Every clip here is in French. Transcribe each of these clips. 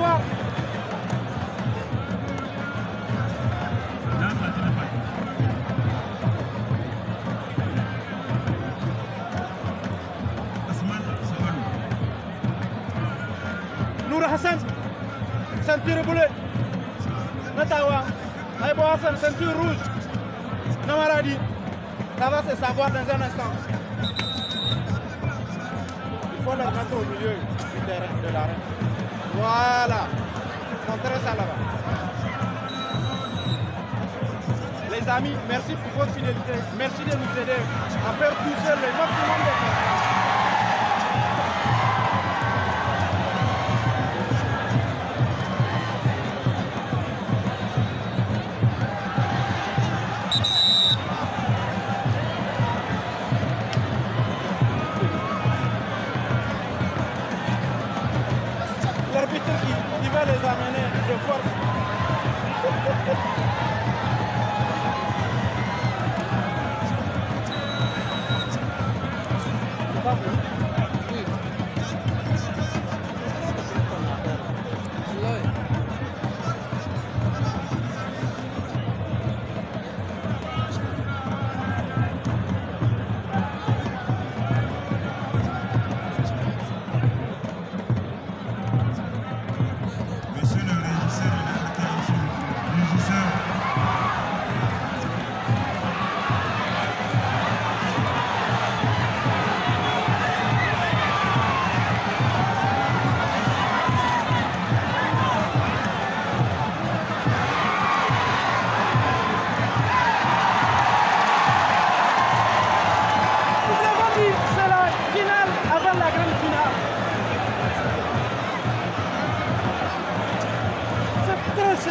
voir. Nour Hassan ceinture bleue Natawa Aïbo Hassan ceinture rouge Namaradi ça va se savoir dans un instant il faut la mettre au milieu du terrain de la reine. Voilà. ça là-bas. Les amis, merci pour votre fidélité. Merci de nous aider à faire tout seul le maximum de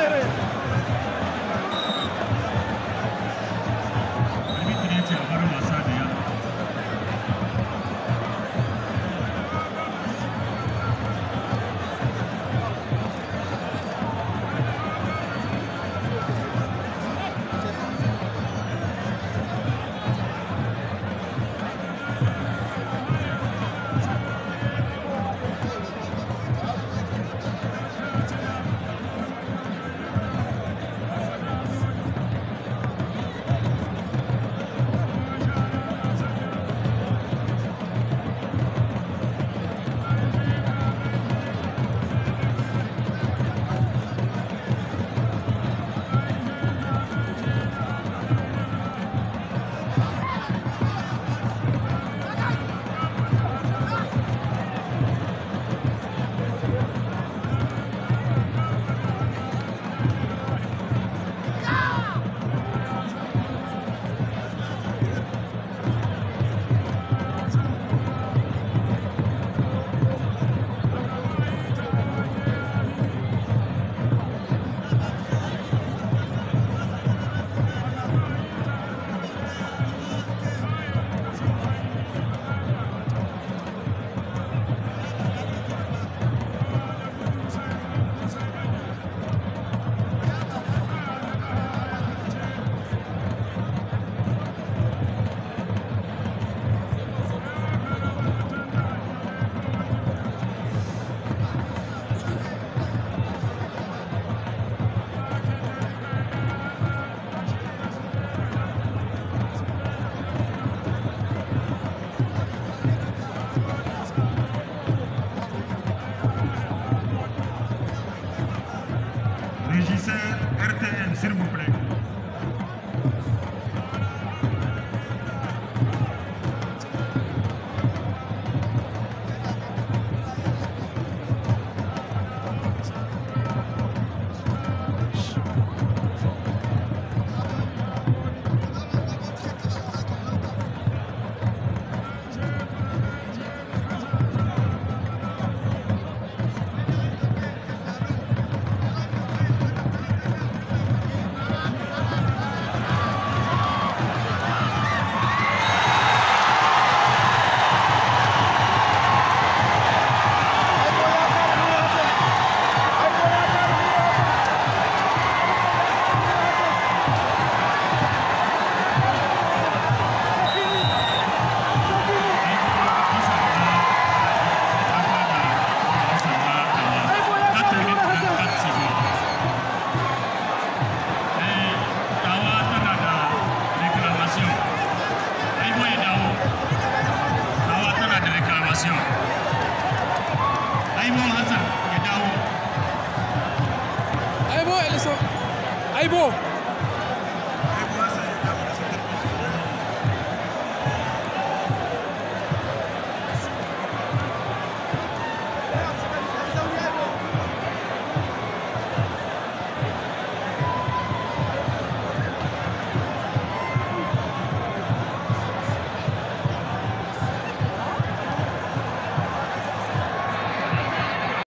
Get it. ですよ。